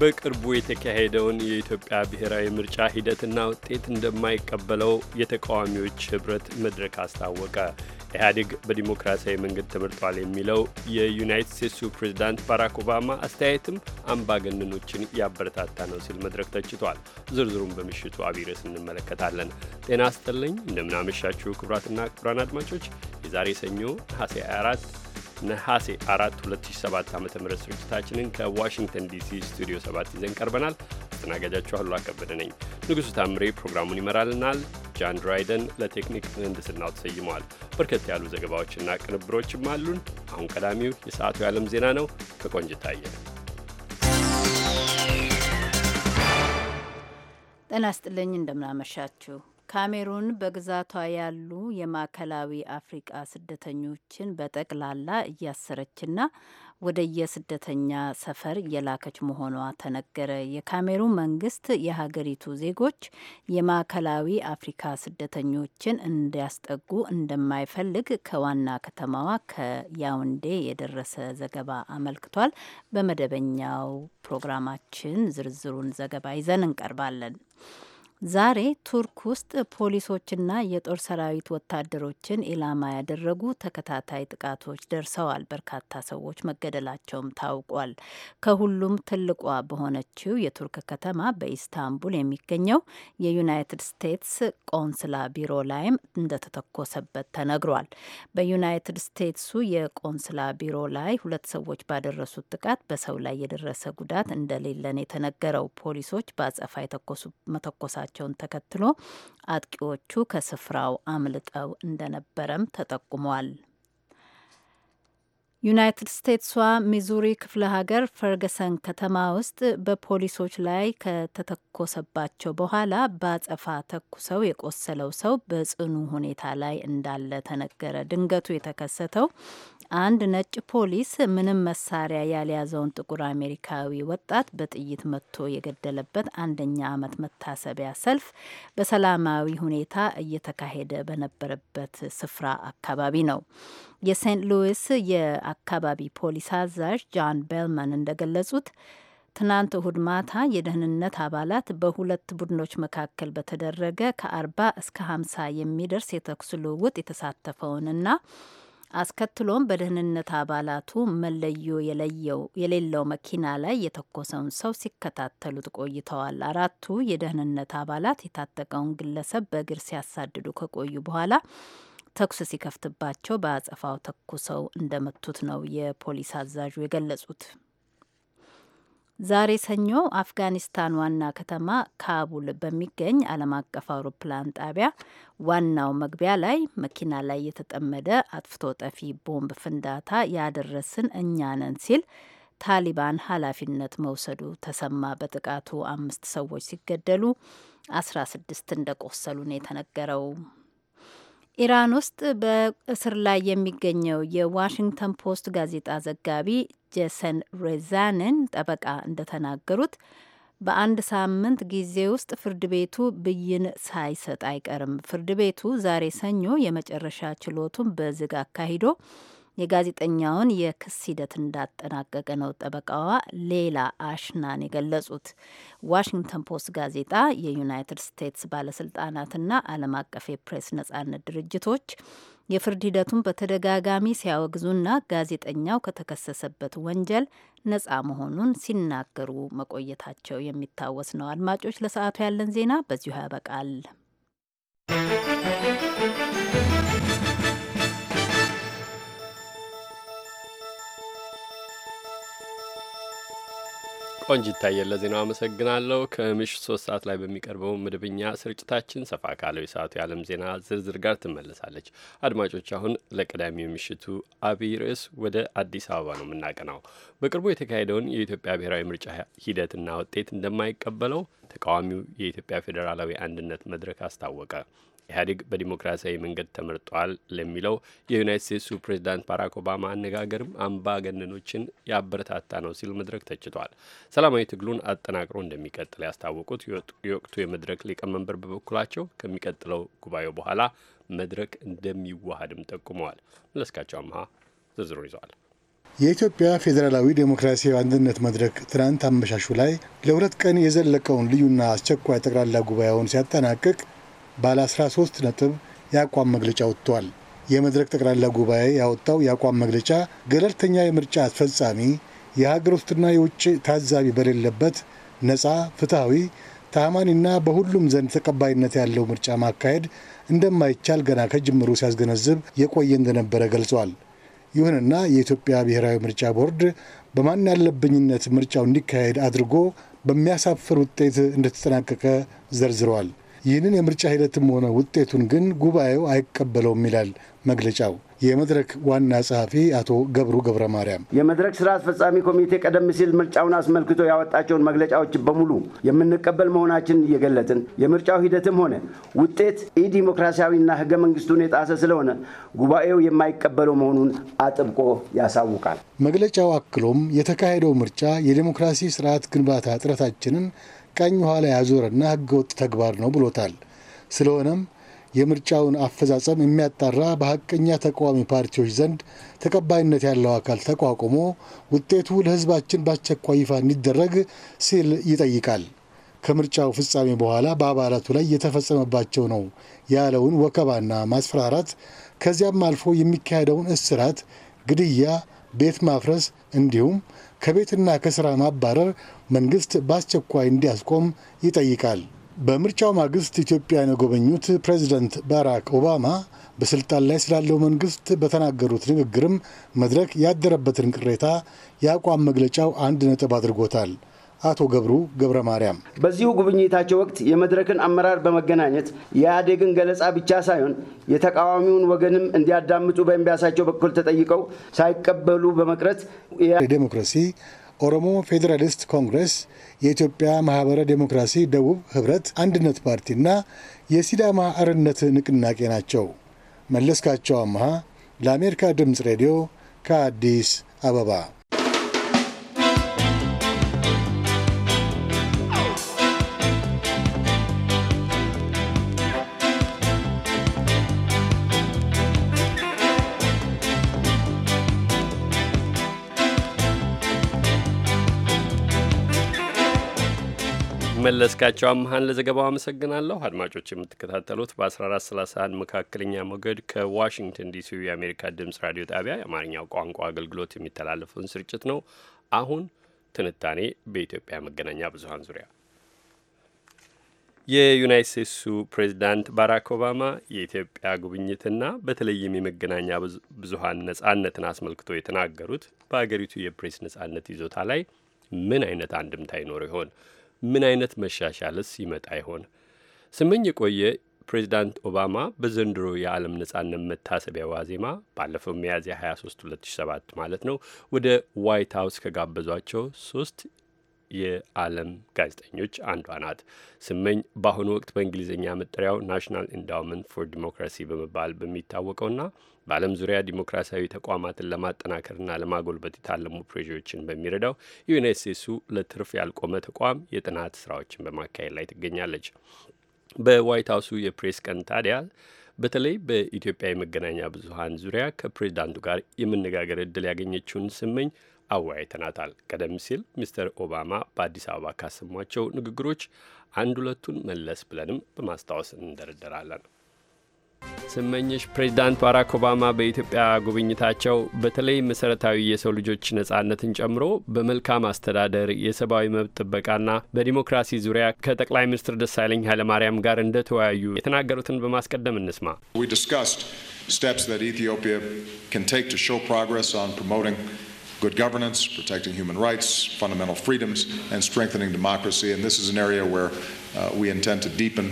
በቅርቡ የተካሄደውን የኢትዮጵያ ብሔራዊ ምርጫ ሂደትና ውጤት እንደማይቀበለው የተቃዋሚዎች ህብረት መድረክ አስታወቀ። ኢህአዴግ በዲሞክራሲያዊ መንገድ ተመርጧል የሚለው የዩናይትድ ስቴትሱ ፕሬዚዳንት ባራክ ኦባማ አስተያየትም አምባገነኖችን ያበረታታ ነው ሲል መድረክ ተችቷል። ዝርዝሩን በምሽቱ አቢረስ እንመለከታለን። ጤና አስጠለኝ እንደምናመሻችሁ ክቡራትና ክቡራን አድማጮች የዛሬ ሰኞ ነሐሴ 24 ነሐሴ 4 2007 ዓ ም ስርጭታችንን ከዋሽንግተን ዲሲ ስቱዲዮ 7 ይዘን ቀርበናል። አስተናጋጃችሁ አሉላ ከበደ ነኝ። ንጉሡ ታምሬ ፕሮግራሙን ይመራልናል። ጃን ድራይደን ለቴክኒክ ምህንድስናው ተሰይመዋል። በርከት ያሉ ዘገባዎችና ቅንብሮችም አሉን። አሁን ቀዳሚው የሰዓቱ የዓለም ዜና ነው። ከቆንጅታየ ጤና ይስጥልኝ። እንደምናመሻችሁ ካሜሩን በግዛቷ ያሉ የማዕከላዊ አፍሪቃ ስደተኞችን በጠቅላላ እያሰረችና ወደ የስደተኛ ሰፈር እየላከች መሆኗ ተነገረ። የካሜሩን መንግስት የሀገሪቱ ዜጎች የማዕከላዊ አፍሪካ ስደተኞችን እንዲያስጠጉ እንደማይፈልግ ከዋና ከተማዋ ከያውንዴ የደረሰ ዘገባ አመልክቷል። በመደበኛው ፕሮግራማችን ዝርዝሩን ዘገባ ይዘን እንቀርባለን። ዛሬ ቱርክ ውስጥ ፖሊሶችና የጦር ሰራዊት ወታደሮችን ኢላማ ያደረጉ ተከታታይ ጥቃቶች ደርሰዋል። በርካታ ሰዎች መገደላቸውም ታውቋል። ከሁሉም ትልቋ በሆነችው የቱርክ ከተማ በኢስታንቡል የሚገኘው የዩናይትድ ስቴትስ ቆንስላ ቢሮ ላይም እንደተተኮሰበት ተነግሯል። በዩናይትድ ስቴትሱ የቆንስላ ቢሮ ላይ ሁለት ሰዎች ባደረሱት ጥቃት በሰው ላይ የደረሰ ጉዳት እንደሌለን የተነገረው ፖሊሶች በአጸፋ መተኮሳቸው መያዛቸውን ተከትሎ አጥቂዎቹ ከስፍራው አምልጠው እንደነበረም ተጠቁመዋል። ዩናይትድ ስቴትሷ ሚዙሪ ክፍለ ሀገር ፈርገሰን ከተማ ውስጥ በፖሊሶች ላይ ከተተኮሰባቸው በኋላ በአጸፋ ተኩሰው የቆሰለው ሰው በጽኑ ሁኔታ ላይ እንዳለ ተነገረ። ድንገቱ የተከሰተው አንድ ነጭ ፖሊስ ምንም መሳሪያ ያልያዘውን ጥቁር አሜሪካዊ ወጣት በጥይት መጥቶ የገደለበት አንደኛ ዓመት መታሰቢያ ሰልፍ በሰላማዊ ሁኔታ እየተካሄደ በነበረበት ስፍራ አካባቢ ነው። የሴንት ሉዊስ የአካባቢ ፖሊስ አዛዥ ጃን ቤልመን እንደገለጹት ትናንት እሁድ ማታ የደህንነት አባላት በሁለት ቡድኖች መካከል በተደረገ ከአርባ እስከ ሀምሳ የሚደርስ የተኩስ ልውውጥ የተሳተፈውንና አስከትሎም በደህንነት አባላቱ መለዮ የሌለው መኪና ላይ የተኮሰውን ሰው ሲከታተሉት ቆይተዋል። አራቱ የደህንነት አባላት የታጠቀውን ግለሰብ በእግር ሲያሳድዱ ከቆዩ በኋላ ተኩስ ሲከፍትባቸው በአጸፋው ተኩሰው እንደመቱት ነው የፖሊስ አዛዡ የገለጹት። ዛሬ ሰኞ አፍጋኒስታን ዋና ከተማ ካቡል በሚገኝ ዓለም አቀፍ አውሮፕላን ጣቢያ ዋናው መግቢያ ላይ መኪና ላይ የተጠመደ አጥፍቶ ጠፊ ቦምብ ፍንዳታ ያደረስን እኛ ነን ሲል ታሊባን ኃላፊነት መውሰዱ ተሰማ። በጥቃቱ አምስት ሰዎች ሲገደሉ አስራ ስድስት እንደቆሰሉ ነው የተነገረው። ኢራን ውስጥ በእስር ላይ የሚገኘው የዋሽንግተን ፖስት ጋዜጣ ዘጋቢ ጄሰን ሬዛንን ጠበቃ እንደተናገሩት በአንድ ሳምንት ጊዜ ውስጥ ፍርድ ቤቱ ብይን ሳይሰጥ አይቀርም። ፍርድ ቤቱ ዛሬ ሰኞ የመጨረሻ ችሎቱን በዝግ አካሂዶ የጋዜጠኛውን የክስ ሂደት እንዳጠናቀቀ ነው ጠበቃዋ ሌላ አሽናን የገለጹት። ዋሽንግተን ፖስት ጋዜጣ የዩናይትድ ስቴትስ ባለስልጣናትና ዓለም አቀፍ የፕሬስ ነጻነት ድርጅቶች የፍርድ ሂደቱን በተደጋጋሚ ሲያወግዙና ጋዜጠኛው ከተከሰሰበት ወንጀል ነጻ መሆኑን ሲናገሩ መቆየታቸው የሚታወስ ነው። አድማጮች፣ ለሰዓቱ ያለን ዜና በዚሁ ያበቃል። ቆንጅ ይታየል ለዜናው አመሰግናለሁ። ከምሽት ሶስት ሰዓት ላይ በሚቀርበው መደበኛ ስርጭታችን ሰፋ ካለው የሰዓቱ የዓለም ዜና ዝርዝር ጋር ትመለሳለች። አድማጮች፣ አሁን ለቀዳሚው የምሽቱ አብይ ርዕስ ወደ አዲስ አበባ ነው የምናቀናው። በቅርቡ የተካሄደውን የኢትዮጵያ ብሔራዊ ምርጫ ሂደትና ውጤት እንደማይቀበለው ተቃዋሚው የኢትዮጵያ ፌዴራላዊ አንድነት መድረክ አስታወቀ። ኢህአዴግ በዲሞክራሲያዊ መንገድ ተመርጧል ለሚለው የዩናይት ስቴትሱ ፕሬዚዳንት ባራክ ኦባማ አነጋገርም አምባገነኖችን ያበረታታ ነው ሲል መድረክ ተችቷል። ሰላማዊ ትግሉን አጠናቅሮ እንደሚቀጥል ያስታወቁት የወቅቱ የመድረክ ሊቀመንበር በበኩላቸው ከሚቀጥለው ጉባኤው በኋላ መድረክ እንደሚዋሃድም ጠቁመዋል። መለስካቸው አምሃ ዝርዝሩን ይዘዋል። የኢትዮጵያ ፌዴራላዊ ዴሞክራሲያዊ አንድነት መድረክ ትናንት አመሻሹ ላይ ለሁለት ቀን የዘለቀውን ልዩና አስቸኳይ ጠቅላላ ጉባኤውን ሲያጠናቅቅ ባለ 13 ነጥብ የአቋም መግለጫ ወጥቷል። የመድረክ ጠቅላላ ጉባኤ ያወጣው የአቋም መግለጫ ገለልተኛ የምርጫ አስፈጻሚ የሀገር ውስጥና የውጭ ታዛቢ በሌለበት ነፃ፣ ፍትሐዊ፣ ታማኒና በሁሉም ዘንድ ተቀባይነት ያለው ምርጫ ማካሄድ እንደማይቻል ገና ከጅምሩ ሲያስገነዝብ የቆየ እንደነበረ ገልጿል። ይሁንና የኢትዮጵያ ብሔራዊ ምርጫ ቦርድ በማን ያለብኝነት ምርጫው እንዲካሄድ አድርጎ በሚያሳፍር ውጤት እንደተጠናቀቀ ዘርዝረዋል። ይህንን የምርጫ ሂደትም ሆነ ውጤቱን ግን ጉባኤው አይቀበለውም ይላል መግለጫው። የመድረክ ዋና ጸሐፊ አቶ ገብሩ ገብረ ማርያም የመድረክ ስራ አስፈጻሚ ኮሚቴ ቀደም ሲል ምርጫውን አስመልክቶ ያወጣቸውን መግለጫዎች በሙሉ የምንቀበል መሆናችንን እየገለጥን የምርጫው ሂደትም ሆነ ውጤት ኢዲሞክራሲያዊና ህገ መንግስቱን የጣሰ ስለሆነ ጉባኤው የማይቀበለው መሆኑን አጥብቆ ያሳውቃል። መግለጫው አክሎም የተካሄደው ምርጫ የዴሞክራሲ ስርዓት ግንባታ ጥረታችንን ቀኝ ኋላ ያዞረና ህገወጥ ተግባር ነው ብሎታል። ስለሆነም የምርጫውን አፈጻጸም የሚያጣራ በሀቀኛ ተቃዋሚ ፓርቲዎች ዘንድ ተቀባይነት ያለው አካል ተቋቁሞ ውጤቱ ለህዝባችን በአስቸኳይ ይፋ እንዲደረግ ሲል ይጠይቃል። ከምርጫው ፍጻሜ በኋላ በአባላቱ ላይ የተፈጸመባቸው ነው ያለውን ወከባና ማስፈራራት ከዚያም አልፎ የሚካሄደውን እስራት፣ ግድያ፣ ቤት ማፍረስ እንዲሁም ከቤትና ከስራ ማባረር መንግስት በአስቸኳይ እንዲያስቆም ይጠይቃል። በምርጫው ማግስት ኢትዮጵያን የጎበኙት ፕሬዚደንት ባራክ ኦባማ በስልጣን ላይ ስላለው መንግስት በተናገሩት ንግግርም መድረክ ያደረበትን ቅሬታ የአቋም መግለጫው አንድ ነጥብ አድርጎታል። አቶ ገብሩ ገብረ ማርያም በዚሁ ጉብኝታቸው ወቅት የመድረክን አመራር በመገናኘት የኢህአዴግን ገለጻ ብቻ ሳይሆን የተቃዋሚውን ወገንም እንዲያዳምጡ በኤምባሲያቸው በኩል ተጠይቀው ሳይቀበሉ በመቅረት የዴሞክራሲ ኦሮሞ ፌዴራሊስት ኮንግረስ፣ የኢትዮጵያ ማህበረ ዴሞክራሲ ደቡብ ህብረት፣ አንድነት ፓርቲና የሲዳማ አርነት ንቅናቄ ናቸው። መለስካቸው አምሃ ለአሜሪካ ድምፅ ሬዲዮ ከአዲስ አበባ መለስካቸው አምሃን ለዘገባው አመሰግናለሁ። አድማጮች የምትከታተሉት በ1431 መካከለኛ ሞገድ ከዋሽንግተን ዲሲ የአሜሪካ ድምፅ ራዲዮ ጣቢያ የአማርኛው ቋንቋ አገልግሎት የሚተላለፈውን ስርጭት ነው። አሁን ትንታኔ በኢትዮጵያ መገናኛ ብዙሀን ዙሪያ የዩናይት ስቴትሱ ፕሬዚዳንት ባራክ ኦባማ የኢትዮጵያ ጉብኝትና በተለይም የመገናኛ ብዙሀን ነጻነትን አስመልክቶ የተናገሩት በአገሪቱ የፕሬስ ነጻነት ይዞታ ላይ ምን አይነት አንድምታ ይኖረው ይሆን? ምን አይነት መሻሻልስ ይመጣ ይሆን? ስመኝ የቆየ ፕሬዚዳንት ኦባማ በዘንድሮ የዓለም ነጻነት መታሰቢያ ዋዜማ ባለፈው ሚያዝያ 23 2007 ማለት ነው ወደ ዋይት ሀውስ ከጋበዟቸው ሶስት የዓለም ጋዜጠኞች አንዷ ናት። ስመኝ በአሁኑ ወቅት በእንግሊዝኛ መጠሪያው ናሽናል ኢንዳውመንት ፎር ዲሞክራሲ በመባል በሚታወቀውና በዓለም ዙሪያ ዲሞክራሲያዊ ተቋማትን ለማጠናከርና ለማጎልበት የታለሙ ፕሬዥዎችን በሚረዳው ዩናይት ስቴትሱ ለትርፍ ያልቆመ ተቋም የጥናት ስራዎችን በማካሄድ ላይ ትገኛለች። በዋይት ሀውሱ የፕሬስ ቀን ታዲያ በተለይ በኢትዮጵያ የመገናኛ ብዙኃን ዙሪያ ከፕሬዚዳንቱ ጋር የመነጋገር እድል ያገኘችውን ስመኝ አወያይተናታል። ቀደም ሲል ሚስተር ኦባማ በአዲስ አበባ ካሰሟቸው ንግግሮች አንድ ሁለቱን መለስ ብለንም በማስታወስ እንደረደራለን። ስመኝሽ ፕሬዚዳንት ባራክ ኦባማ በኢትዮጵያ ጉብኝታቸው በተለይ የሰው ልጆች ነጻነትን ጨምሮ በመልካም አስተዳደር የሰብአዊ መብት ጥበቃና በዲሞክራሲ ዙሪያ ከጠቅላይ ሚኒስትር ደሳለኝ ኃይለማርያም ጋር እንደተወያዩ የተናገሩትን በማስቀደም እንስማ። Steps that Ethiopia can take to show progress on promoting good governance, protecting human rights, fundamental freedoms, and strengthening democracy. And this is an area where uh, we intend to deepen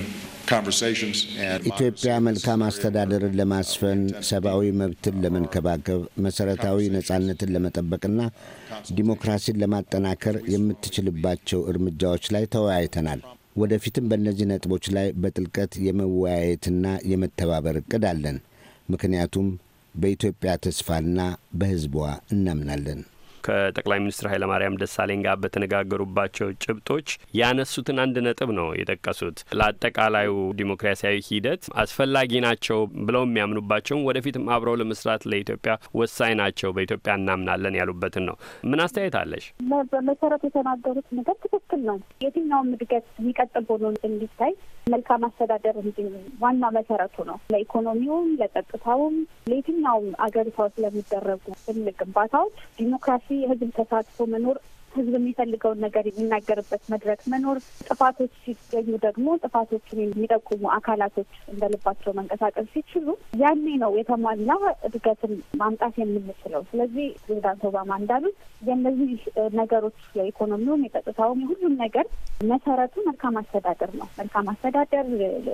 ኢትዮጵያ መልካም አስተዳደርን ለማስፈን ሰብአዊ መብትን ለመንከባከብ መሠረታዊ ነጻነትን ለመጠበቅና ዲሞክራሲን ለማጠናከር የምትችልባቸው እርምጃዎች ላይ ተወያይተናል። ወደፊትም በእነዚህ ነጥቦች ላይ በጥልቀት የመወያየትና የመተባበር እቅድ አለን። ምክንያቱም በኢትዮጵያ ተስፋና በሕዝቧ እናምናለን። ከጠቅላይ ሚኒስትር ኃይለማርያም ደሳለኝ ጋር በተነጋገሩባቸው ጭብጦች ያነሱትን አንድ ነጥብ ነው የጠቀሱት። ለአጠቃላዩ ዲሞክራሲያዊ ሂደት አስፈላጊ ናቸው ብለው የሚያምኑባቸውም ወደፊትም አብረው ለመስራት ለኢትዮጵያ ወሳኝ ናቸው፣ በኢትዮጵያ እናምናለን ያሉበትን ነው። ምን አስተያየት አለሽ? በመሰረቱ የተናገሩት ነገር ትክክል ነው። የትኛውም እድገት የሚቀጥል ሆኖ እንዲታይ መልካም አስተዳደር እንዲ ዋና መሰረቱ ነው። ለኢኮኖሚውም፣ ለጸጥታውም፣ ለየትኛውም አገሪቷ ስለሚደረጉ ትልቅ ግንባታዎች ዲሞክራሲ፣ የህዝብ ተሳትፎ መኖር ህዝብ የሚፈልገውን ነገር የሚናገርበት መድረክ መኖር፣ ጥፋቶች ሲገኙ ደግሞ ጥፋቶችን የሚጠቁሙ አካላቶች እንደልባቸው መንቀሳቀስ ሲችሉ ያኔ ነው የተሟላ እድገትን ማምጣት የምንችለው። ስለዚህ ፕሬዚዳንት ኦባማ እንዳሉት የእነዚህ ነገሮች የኢኮኖሚውም፣ የጸጥታውም፣ የሁሉም ነገር መሰረቱ መልካም አስተዳደር ነው። መልካም አስተዳደር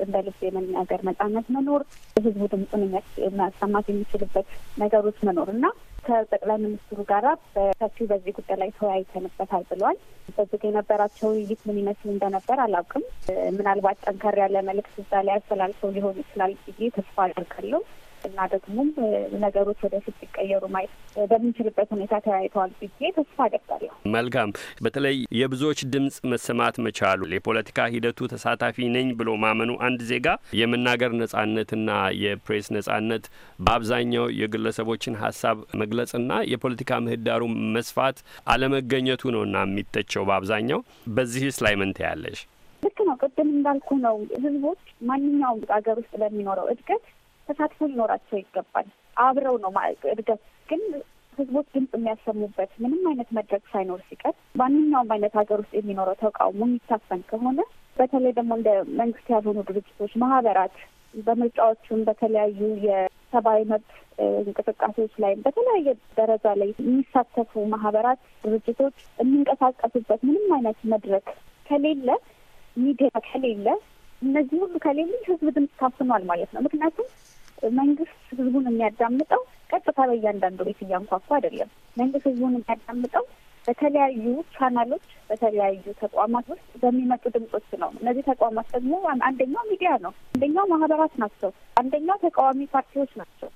እንደ ልብ የመናገር ነጻነት መኖር፣ ህዝቡ ድምፁን የሚያሰማት የሚችልበት ነገሮች መኖር እና ከጠቅላይ ሚኒስትሩ ጋራ በሰፊው በዚህ ጉዳይ ላይ ተወያይተንበታል ብሏል። በዝግ የነበራቸው ውይይት ምን ይመስል እንደነበር አላውቅም። ምናልባት ጠንከር ያለ መልእክት እዛ ላይ አስተላልፈው ሊሆን ይችላል ብዬ ተስፋ አድርጋለሁ። እና ደግሞም ነገሮች ወደፊት ሲቀየሩ ማየት በምንችልበት ሁኔታ ተያይተዋል ብዬ ተስፋ አደርጋለሁ። መልካም። በተለይ የብዙዎች ድምጽ መሰማት መቻሉ የፖለቲካ ሂደቱ ተሳታፊ ነኝ ብሎ ማመኑ አንድ ዜጋ የመናገር ነጻነትና የፕሬስ ነጻነት በአብዛኛው የግለሰቦችን ሀሳብ መግለጽና የፖለቲካ ምህዳሩ መስፋት አለመገኘቱ ነውና የሚተቸው በአብዛኛው። በዚህስ ላይ ምን ትያለሽ? ልክ ነው። ቅድም እንዳልኩ ነው ህዝቦች ማንኛውም አገር ውስጥ ለሚኖረው እድገት ተሳትፎ ሊኖራቸው ይገባል። አብረው ነው እድገት ግን ህዝቦች ድምፅ የሚያሰሙበት ምንም አይነት መድረክ ሳይኖር ሲቀር ማንኛውም አይነት ሀገር ውስጥ የሚኖረው ተቃውሞ የሚታፈን ከሆነ በተለይ ደግሞ እንደ መንግስት ያልሆኑ ድርጅቶች፣ ማህበራት በምርጫዎቹም በተለያዩ የሰብአዊ መብት እንቅስቃሴዎች ላይ በተለያየ ደረጃ ላይ የሚሳተፉ ማህበራት፣ ድርጅቶች የሚንቀሳቀሱበት ምንም አይነት መድረክ ከሌለ፣ ሚዲያ ከሌለ፣ እነዚህ ሁሉ ከሌለ ህዝብ ድምፅ ታፍኗል ማለት ነው። ምክንያቱም መንግስት ህዝቡን የሚያዳምጠው ቀጥታ በእያንዳንዱ ቤት እያንኳኳ አይደለም። መንግስት ህዝቡን የሚያዳምጠው በተለያዩ ቻናሎች፣ በተለያዩ ተቋማት ውስጥ በሚመጡ ድምጾች ነው። እነዚህ ተቋማት ደግሞ አንደኛው ሚዲያ ነው፣ አንደኛው ማህበራት ናቸው፣ አንደኛው ተቃዋሚ ፓርቲዎች ናቸው።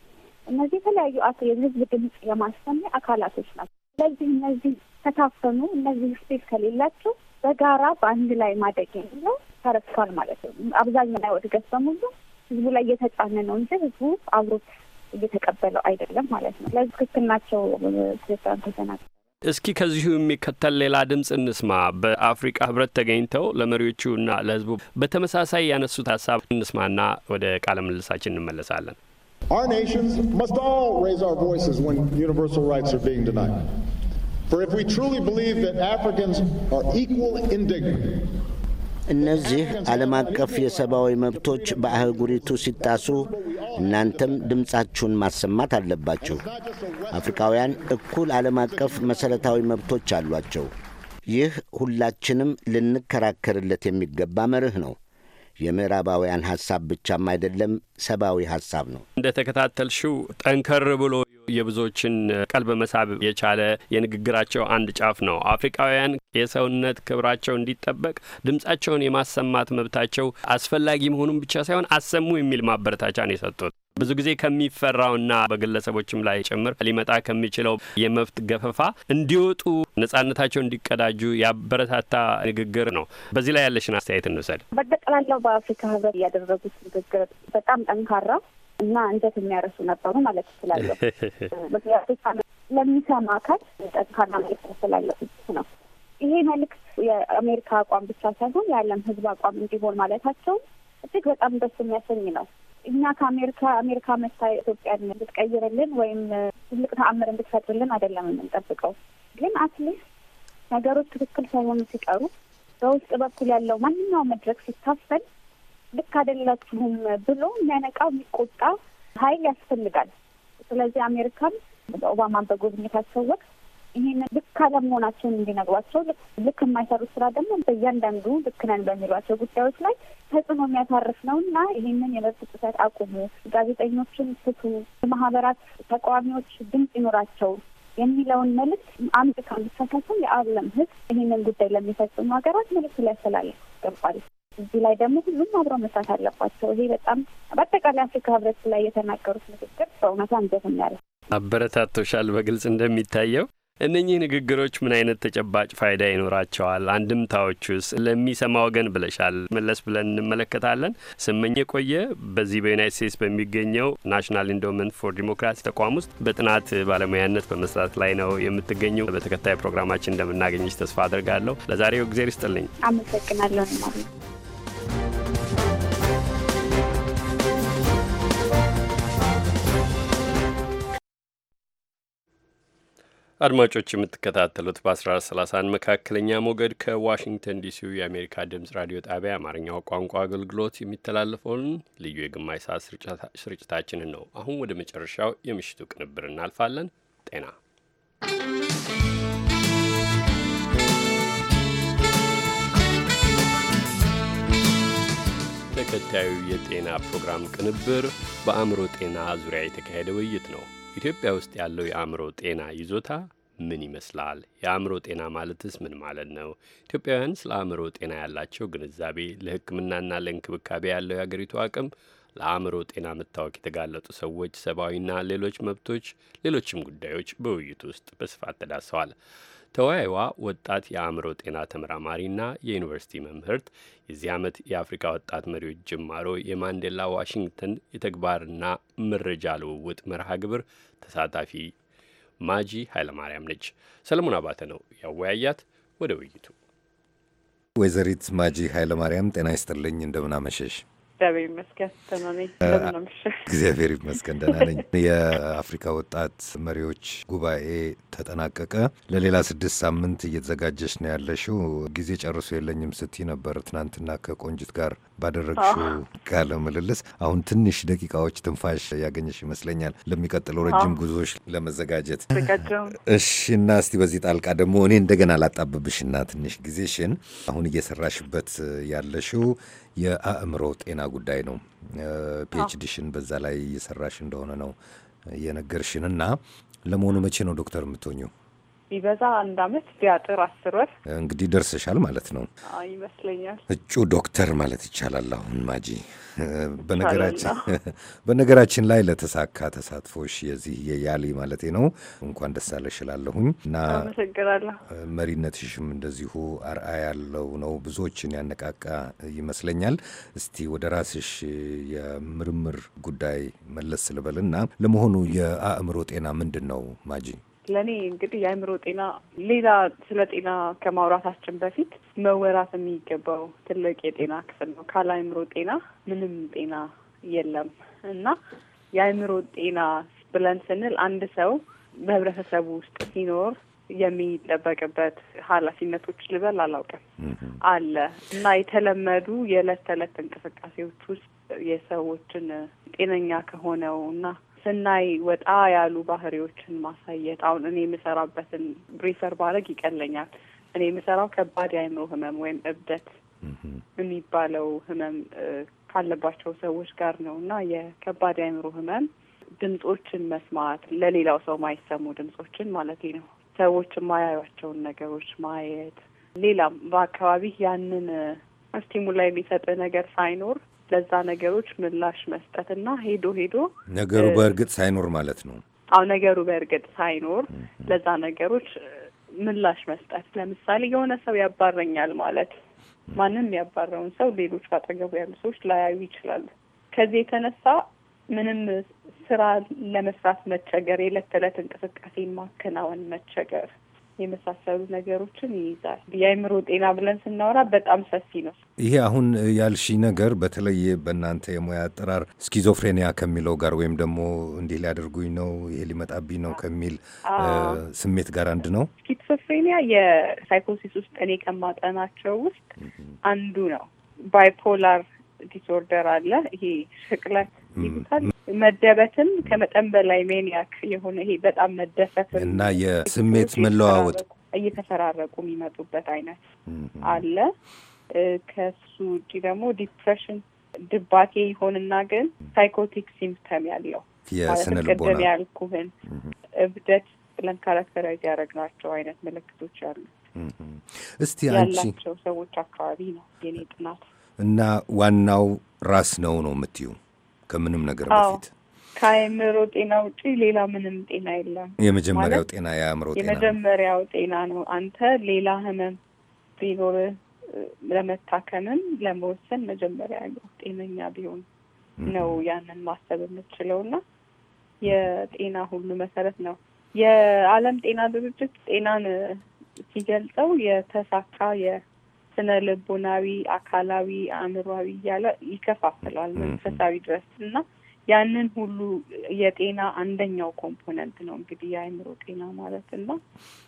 እነዚህ የተለያዩ አ የህዝብ ድምጽ የማሰሚ አካላቶች ናቸው። ስለዚህ እነዚህ ከታፈኑ፣ እነዚህ ስፔስ ከሌላቸው በጋራ በአንድ ላይ ማደግ የሚለው ተረስቷል ማለት ነው። አብዛኛው ወድገት በሙሉ ህዝቡ ላይ እየተጫነ ነው እንጂ ህዝቡ አብሮት እየተቀበለው አይደለም ማለት ነው። ለዚ ትክክል ናቸው ፕሬዚዳንት ተናገሩ። እስኪ ከዚሁ የሚከተል ሌላ ድምፅ እንስማ። በአፍሪቃ ህብረት ተገኝተው ለመሪዎቹ ለህዝቡ በተመሳሳይ ያነሱት ሀሳብ እንስማና ወደ ቃለ ምልልሳችን እንመለሳለን። Our nations must all raise our voices when universal rights are being denied. For if we truly believe that Africans are equal in dignity, እነዚህ ዓለም አቀፍ የሰብአዊ መብቶች በአህጉሪቱ ሲጣሱ እናንተም ድምፃችሁን ማሰማት አለባችሁ። አፍሪካውያን እኩል ዓለም አቀፍ መሠረታዊ መብቶች አሏቸው። ይህ ሁላችንም ልንከራከርለት የሚገባ መርህ ነው። የምዕራባውያን ሀሳብ ብቻም አይደለም፣ ሰብአዊ ሀሳብ ነው። እንደ ተከታተልሽው ጠንከር ብሎ የብዙዎችን ቀልብ መሳብ የቻለ የንግግራቸው አንድ ጫፍ ነው። አፍሪካውያን የሰውነት ክብራቸው እንዲጠበቅ ድምጻቸውን የማሰማት መብታቸው አስፈላጊ መሆኑን ብቻ ሳይሆን አሰሙ የሚል ማበረታቻ ነው የሰጡት። ብዙ ጊዜ ከሚፈራውና በግለሰቦችም ላይ ጭምር ሊመጣ ከሚችለው የመብት ገፈፋ እንዲወጡ ነጻነታቸው እንዲቀዳጁ ያበረታታ ንግግር ነው። በዚህ ላይ ያለሽን አስተያየት እንውሰድ። በጠቅላላው በአፍሪካ ህብረት እያደረጉት ንግግር በጣም ጠንካራ እና እንጨት የሚያረሱ ነበሩ ማለት ይችላለሁ። ምክንያቱም ለሚሰማ አካል ጠንካራ መልክት ስላለፉት ነው። ይሄ መልዕክት የአሜሪካ አቋም ብቻ ሳይሆን የዓለም ሕዝብ አቋም እንዲሆን ማለታቸው እጅግ በጣም ደስ የሚያሰኝ ነው። እኛ ከአሜሪካ አሜሪካ መታ ኢትዮጵያን እንድትቀይርልን ወይም ትልቅ ተአምር እንድትፈጥርልን አይደለም የምንጠብቀው። ግን አትሊስት ነገሮች ትክክል ሳይሆኑ ሲቀሩ በውስጥ በኩል ያለው ማንኛውም መድረክ ሲታፈን ልክ አይደላችሁም ብሎ የሚያነቃው የሚቆጣ ኃይል ያስፈልጋል። ስለዚህ አሜሪካም ኦባማን በጉብኝታቸው ወቅት ይህን ልክ አለመሆናቸውን እንዲነግሯቸው፣ ልክ የማይሰሩት ስራ ደግሞ በእያንዳንዱ ልክ ነን በሚሏቸው ጉዳዮች ላይ ተጽዕኖ የሚያሳርፍ ነው እና ይህንን የመብት ጥሰት አቁሙ፣ ጋዜጠኞችን ፍቱ፣ የማህበራት ተቃዋሚዎች ድምፅ ይኖራቸው የሚለውን መልዕክት አሜሪካን ብቻ ሳይሆን የዓለም ሕዝብ ይህንን ጉዳይ ለሚፈጽሙ ሀገራት መልዕክት ሊያስተላልፍ ይገባል። እዚህ ላይ ደግሞ ሁሉም አብረው መስራት አለባቸው። ይሄ በጣም በአጠቃላይ አፍሪካ ህብረት ላይ የተናገሩት ንግግር በእውነት አንገት ያለ አበረታቶሻል። በግልጽ እንደሚታየው እነኚህ ንግግሮች ምን አይነት ተጨባጭ ፋይዳ ይኖራቸዋል? አንድምታዎቹስ ለሚሰማ ወገን ብለሻል። መለስ ብለን እንመለከታለን። ስመኝ የቆየ በዚህ በዩናይት ስቴትስ በሚገኘው ናሽናል ኢንዶመንት ፎር ዲሞክራሲ ተቋም ውስጥ በጥናት ባለሙያነት በመስራት ላይ ነው የምትገኘው። በተከታይ ፕሮግራማችን እንደምናገኘች ተስፋ አድርጋለሁ። ለዛሬው እግዜር ይስጥልኝ፣ አመሰግናለሁ። አድማጮች የምትከታተሉት በ1431 መካከለኛ ሞገድ ከዋሽንግተን ዲሲው የአሜሪካ ድምፅ ራዲዮ ጣቢያ አማርኛው ቋንቋ አገልግሎት የሚተላለፈውን ልዩ የግማሽ ሰዓት ስርጭታችንን ነው። አሁን ወደ መጨረሻው የምሽቱ ቅንብር እናልፋለን። ጤና ተከታዩ የጤና ፕሮግራም ቅንብር በአእምሮ ጤና ዙሪያ የተካሄደ ውይይት ነው። ኢትዮጵያ ውስጥ ያለው የአእምሮ ጤና ይዞታ ምን ይመስላል? የአእምሮ ጤና ማለትስ ምን ማለት ነው? ኢትዮጵያውያን ስለ አእምሮ ጤና ያላቸው ግንዛቤ፣ ለሕክምናና ለእንክብካቤ ያለው የአገሪቱ አቅም፣ ለአእምሮ ጤና መታወክ የተጋለጡ ሰዎች ሰብአዊና ሌሎች መብቶች፣ ሌሎችም ጉዳዮች በውይይቱ ውስጥ በስፋት ተዳሰዋል። ተወያይዋ ወጣት የአእምሮ ጤና ተመራማሪና የዩኒቨርሲቲ መምህርት የዚህ ዓመት የአፍሪካ ወጣት መሪዎች ጅማሮ የማንዴላ ዋሽንግተን የተግባርና መረጃ ልውውጥ መርሃ ግብር ተሳታፊ ማጂ ኃይለማርያም ነች። ሰለሞን አባተ ነው ያወያያት። ወደ ውይይቱ ወይዘሪት ማጂ ኃይለማርያም ጤና ይስጥልኝ። እንደምናመሸሽ? እግዚአብሔር ይመስገን ደህና ነኝ። የአፍሪካ ወጣት መሪዎች ጉባኤ ተጠናቀቀ። ለሌላ ስድስት ሳምንት እየተዘጋጀች ነው ያለሽው። ጊዜ ጨርሶ የለኝም ስቲ ነበር ትናንትና ከቆንጅት ጋር ባደረግሽው ቃለ ምልልስ። አሁን ትንሽ ደቂቃዎች ትንፋሽ ያገኘሽ ይመስለኛል ለሚቀጥለው ረጅም ጉዞዎች ለመዘጋጀት። እሺ እና እስቲ በዚህ ጣልቃ ደግሞ እኔ እንደገና እና ትንሽ ጊዜሽን አሁን እየሰራሽበት ያለሽው የአእምሮ ጤና ጉዳይ ነው። ፒኤችዲሽን በዛ ላይ እየሰራሽ እንደሆነ ነው የነገርሽን እና ለመሆኑ መቼ ነው ዶክተር የምትሆኚው? ቢበዛ አንድ አመት ቢያጥር አስር ወር እንግዲህ ደርሰሻል ማለት ነው ይመስለኛል። እጩ ዶክተር ማለት ይቻላል። አሁን ማጂ በነገራችን በነገራችን ላይ ለተሳካ ተሳትፎሽ የዚህ የያሊ ማለቴ ነው እንኳን ደስ አለሽ እላለሁኝ እና መሪነትሽም እንደዚሁ አርአያ ያለው ነው፣ ብዙዎችን ያነቃቃ ይመስለኛል። እስቲ ወደ ራስሽ የምርምር ጉዳይ መለስ ልበልና ለመሆኑ የአእምሮ ጤና ምንድን ነው ማጂ? ለእኔ እንግዲህ የአእምሮ ጤና ሌላ ስለ ጤና ከማውራታችን በፊት መወራት የሚገባው ትልቅ የጤና ክፍል ነው። ካለ አእምሮ ጤና ምንም ጤና የለም እና የአእምሮ ጤና ብለን ስንል አንድ ሰው በህብረተሰቡ ውስጥ ሲኖር የሚጠበቅበት ኃላፊነቶች ልበል አላውቅም አለ እና የተለመዱ የዕለት ተዕለት እንቅስቃሴዎች ውስጥ የሰዎችን ጤነኛ ከሆነው እና ስናይ ወጣ ያሉ ባህሪዎችን ማሳየት አሁን እኔ የምሰራበትን ብሪፈር ባረግ ይቀለኛል። እኔ የምሰራው ከባድ የአእምሮ ህመም ወይም እብደት የሚባለው ህመም ካለባቸው ሰዎች ጋር ነው እና የከባድ የአእምሮ ህመም ድምጾችን መስማት ለሌላው ሰው ማይሰሙ ድምጾችን ማለት ነው። ሰዎች የማያዩቸውን ነገሮች ማየት፣ ሌላም በአካባቢ ያንን ስቲሙላ የሚሰጥ ነገር ሳይኖር ለዛ ነገሮች ምላሽ መስጠት እና ሄዶ ሄዶ ነገሩ በእርግጥ ሳይኖር ማለት ነው። አዎ ነገሩ በእርግጥ ሳይኖር ለዛ ነገሮች ምላሽ መስጠት። ለምሳሌ የሆነ ሰው ያባረኛል ማለት ማንም ያባረውን ሰው ሌሎች አጠገቡ ያሉ ሰዎች ላያዩ ይችላሉ። ከዚህ የተነሳ ምንም ስራ ለመስራት መቸገር፣ የዕለት ተዕለት እንቅስቃሴ ማከናወን መቸገር የመሳሰሉ ነገሮችን ይይዛል። የአእምሮ ጤና ብለን ስናወራ በጣም ሰፊ ነው። ይሄ አሁን ያልሺ ነገር በተለይ በእናንተ የሙያ አጠራር ስኪዞፍሬኒያ ከሚለው ጋር ወይም ደግሞ እንዲህ ሊያደርጉኝ ነው ይሄ ሊመጣብኝ ነው ከሚል ስሜት ጋር አንድ ነው። ስኪዞፍሬኒያ የሳይኮሲስ ውስጥ እኔ ከማጠናቸው ውስጥ አንዱ ነው። ባይፖላር ዲስኦርደር አለ። ይሄ ሽቅላት ይሉታል። መደበትም ከመጠን በላይ ሜኒያክ የሆነ ይሄ በጣም መደሰት እና የስሜት መለዋወጥ እየተፈራረቁ የሚመጡበት አይነት አለ። ከሱ ውጪ ደግሞ ዲፕሬሽን ድባቴ ይሆንና ግን ሳይኮቲክ ሲምፕተም ያለው ቅድም ያልኩህን እብደት ብለን ካራክተራይዝ ያደረግናቸው አይነት ምልክቶች አሉ። እስቲ ያላቸው ሰዎች አካባቢ ነው የኔ ጥናት እና ዋናው ራስ ነው ነው የምትዩ ከምንም ነገር በፊት ከአእምሮ ጤና ውጪ ሌላ ምንም ጤና የለም። የመጀመሪያው ጤና የአእምሮ ጤና የመጀመሪያው ጤና ነው። አንተ ሌላ ህመም ቢኖር ለመታከምም ለመወሰን መጀመሪያ ጤነኛ ቢሆን ነው ያንን ማሰብ የምችለው እና የጤና ሁሉ መሰረት ነው። የዓለም ጤና ድርጅት ጤናን ሲገልጸው የተሳካ ስነ ልቦናዊ፣ አካላዊ፣ አእምሯዊ እያለ ይከፋፍለዋል መንፈሳዊ ድረስ እና ያንን ሁሉ የጤና አንደኛው ኮምፖነንት ነው እንግዲህ የአእምሮ ጤና ማለት እና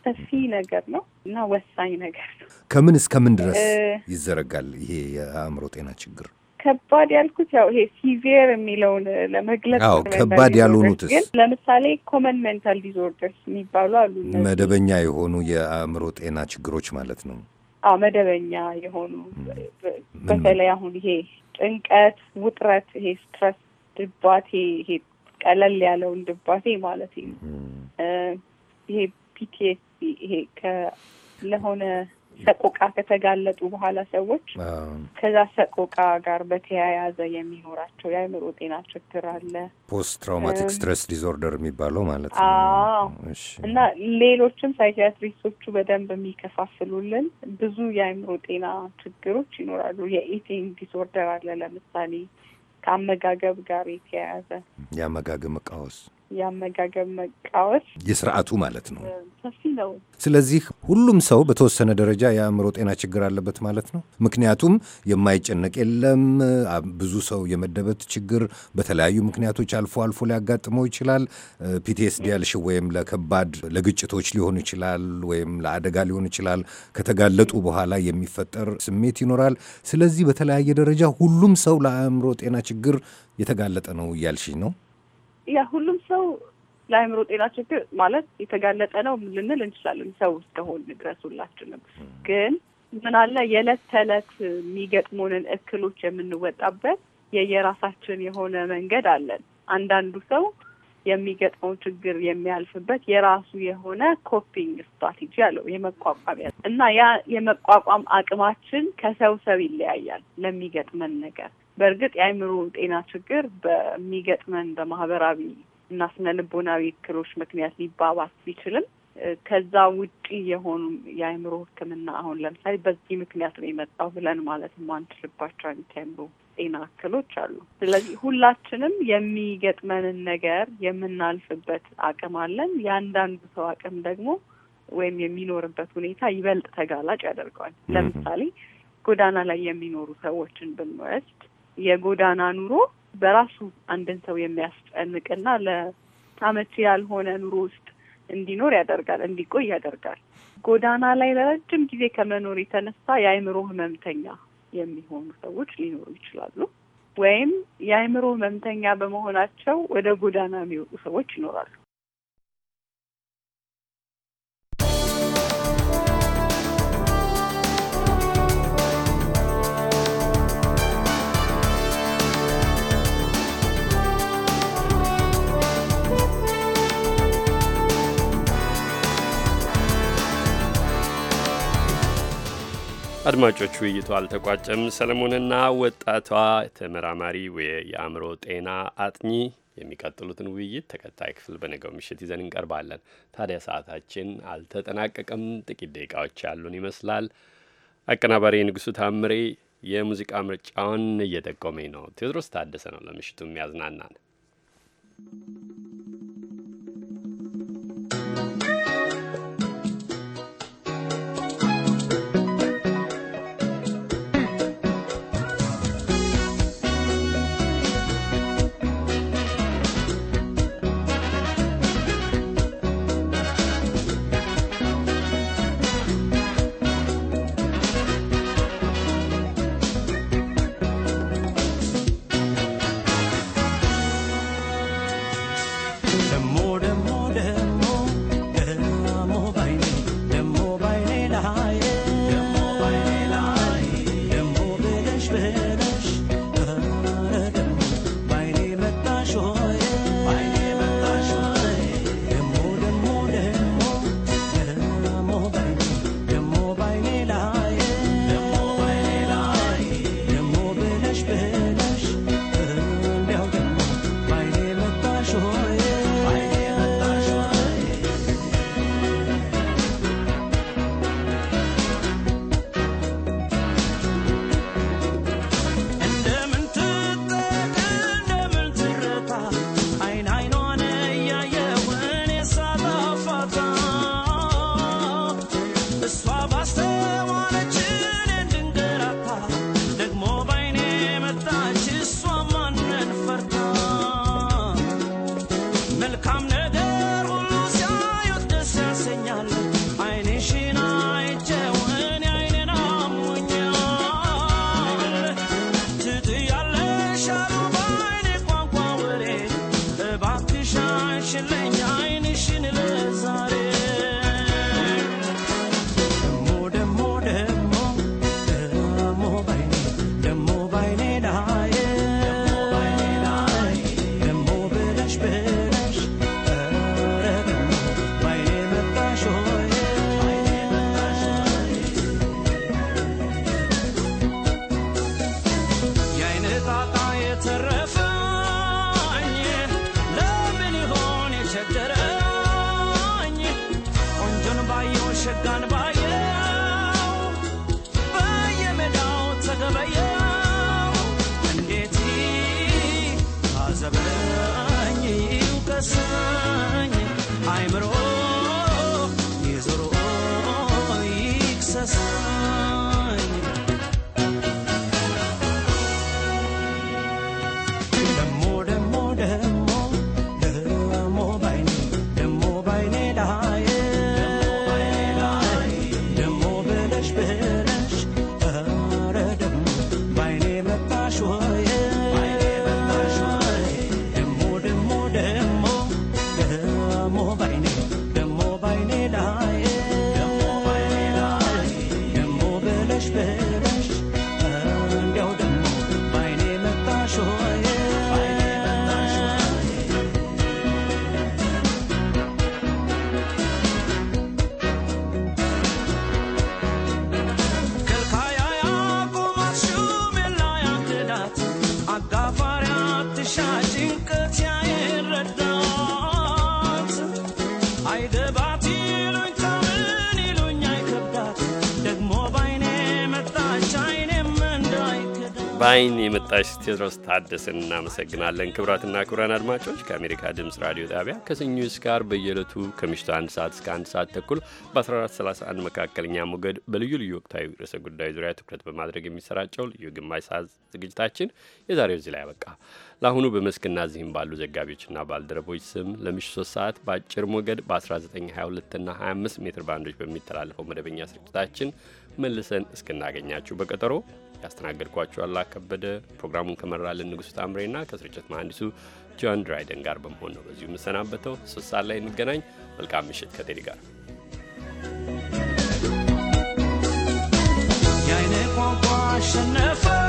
ሰፊ ነገር ነው እና ወሳኝ ነገር ነው። ከምን እስከ ምን ድረስ ይዘረጋል ይሄ የአእምሮ ጤና ችግር? ከባድ ያልኩት ያው ይሄ ሲቪየር የሚለውን ለመግለጽ አዎ፣ ከባድ ያልሆኑት ግን ለምሳሌ ኮመን ሜንታል ዲዞርደርስ የሚባሉ አሉ። መደበኛ የሆኑ የአእምሮ ጤና ችግሮች ማለት ነው። መደበኛ የሆኑ በተለይ አሁን ይሄ ጭንቀት፣ ውጥረት፣ ይሄ ስትረስ ድባቴ፣ ይሄ ቀለል ያለውን ድባቴ ማለት ነው። ይሄ ፒቲኤስዲ ይሄ ለሆነ ሰቆቃ ከተጋለጡ በኋላ ሰዎች ከዛ ሰቆቃ ጋር በተያያዘ የሚኖራቸው የአእምሮ ጤና ችግር አለ። ፖስት ትራውማቲክ ስትረስ ዲዞርደር የሚባለው ማለት ነው። እና ሌሎችም ሳይኪያትሪስቶቹ በደንብ የሚከፋፍሉልን ብዙ የአእምሮ ጤና ችግሮች ይኖራሉ። የኢቲንግ ዲስኦርደር አለ ለምሳሌ ከአመጋገብ ጋር የተያያዘ የአመጋገብ መቃወስ የአመጋገብ መቃወስ የስርዓቱ ማለት ነው ሰፊ ነው። ስለዚህ ሁሉም ሰው በተወሰነ ደረጃ የአእምሮ ጤና ችግር አለበት ማለት ነው። ምክንያቱም የማይጨነቅ የለም። ብዙ ሰው የመደበት ችግር በተለያዩ ምክንያቶች አልፎ አልፎ ሊያጋጥመው ይችላል። ፒቲኤስዲ ያልሽ ወይም ለከባድ ለግጭቶች ሊሆን ይችላል ወይም ለአደጋ ሊሆን ይችላል። ከተጋለጡ በኋላ የሚፈጠር ስሜት ይኖራል። ስለዚህ በተለያየ ደረጃ ሁሉም ሰው ለአእምሮ ጤና ችግር የተጋለጠ ነው እያልሽኝ ነው። ያ ሁሉም ሰው ለአእምሮ ጤና ችግር ማለት የተጋለጠ ነው ልንል እንችላለን፣ ሰው እስከሆን ድረስ ሁላችንም። ግን ምን አለ የዕለት ተዕለት የሚገጥሙንን እክሎች የምንወጣበት የየራሳችን የሆነ መንገድ አለን። አንዳንዱ ሰው የሚገጥመው ችግር የሚያልፍበት የራሱ የሆነ ኮፒንግ ስትራቴጂ አለው፣ የመቋቋሚያ እና ያ የመቋቋም አቅማችን ከሰው ሰው ይለያያል ለሚገጥመን ነገር። በእርግጥ የአእምሮ ጤና ችግር በሚገጥመን በማህበራዊ እና ስነ ልቦናዊ እክሎች ምክንያት ሊባባስ ቢችልም ከዛ ውጪ የሆኑ የአእምሮ ሕክምና አሁን ለምሳሌ በዚህ ምክንያት ነው የመጣው ብለን ማለት የማንችልባቸው አይነት የአእምሮ የጤና እክሎች አሉ። ስለዚህ ሁላችንም የሚገጥመንን ነገር የምናልፍበት አቅም አለን። የአንዳንዱ ሰው አቅም ደግሞ ወይም የሚኖርበት ሁኔታ ይበልጥ ተጋላጭ ያደርገዋል። ለምሳሌ ጎዳና ላይ የሚኖሩ ሰዎችን ብንወስድ የጎዳና ኑሮ በራሱ አንድን ሰው የሚያስጨንቅና ለአመቺ ያልሆነ ኑሮ ውስጥ እንዲኖር ያደርጋል፣ እንዲቆይ ያደርጋል። ጎዳና ላይ ለረጅም ጊዜ ከመኖር የተነሳ የአእምሮ ህመምተኛ የሚሆኑ ሰዎች ሊኖሩ ይችላሉ። ወይም የአእምሮ ህመምተኛ በመሆናቸው ወደ ጎዳና የሚወጡ ሰዎች ይኖራሉ። አድማጮች ውይይቱ አልተቋጨም። ሰለሞንና ወጣቷ ተመራማሪ የአእምሮ ጤና አጥኚ የሚቀጥሉትን ውይይት ተከታይ ክፍል በነገው ምሽት ይዘን እንቀርባለን። ታዲያ ሰዓታችን አልተጠናቀቀም። ጥቂት ደቂቃዎች ያሉን ይመስላል። አቀናባሪ ንጉሱ ታምሬ የሙዚቃ ምርጫውን እየጠቆመኝ ነው። ቴዎድሮስ ታደሰ ነው ለምሽቱ የሚያዝናናን። ቴድሮስ ታደስን እናመሰግናለን። ክቡራትና ክቡራን አድማጮች ከአሜሪካ ድምፅ ራዲዮ ጣቢያ ከሰኞ እስከ ዓርብ በየዕለቱ ከምሽቱ አንድ ሰዓት እስከ አንድ ሰዓት ተኩል በ1431 መካከለኛ ሞገድ በልዩ ልዩ ወቅታዊ ርዕሰ ጉዳይ ዙሪያ ትኩረት በማድረግ የሚሰራጨው ልዩ ግማሽ ሰዓት ዝግጅታችን የዛሬው እዚህ ላይ ያበቃ። ለአሁኑ በመስክና እዚህም ባሉ ዘጋቢዎችና ባልደረቦች ስም ለምሽቱ 3 ሰዓት በአጭር ሞገድ በ1922ና 25 ሜትር ባንዶች በሚተላለፈው መደበኛ ስርጭታችን መልሰን እስክናገኛችሁ በቀጠሮ ያስተናገድኳችሁ አላ ከበደ ፕሮግራሙን ከመራልን ታምሬ ታምሬና ከስርጭት መሐንዲሱ ጆን ድራይደን ጋር በመሆን ነው በዚሁ የምሰናበተው። ሶስት ሰዓት ላይ እንገናኝ። መልካም ምሽት ከቴዲ ጋር የአይነ ቋንቋ አሸነፈኝ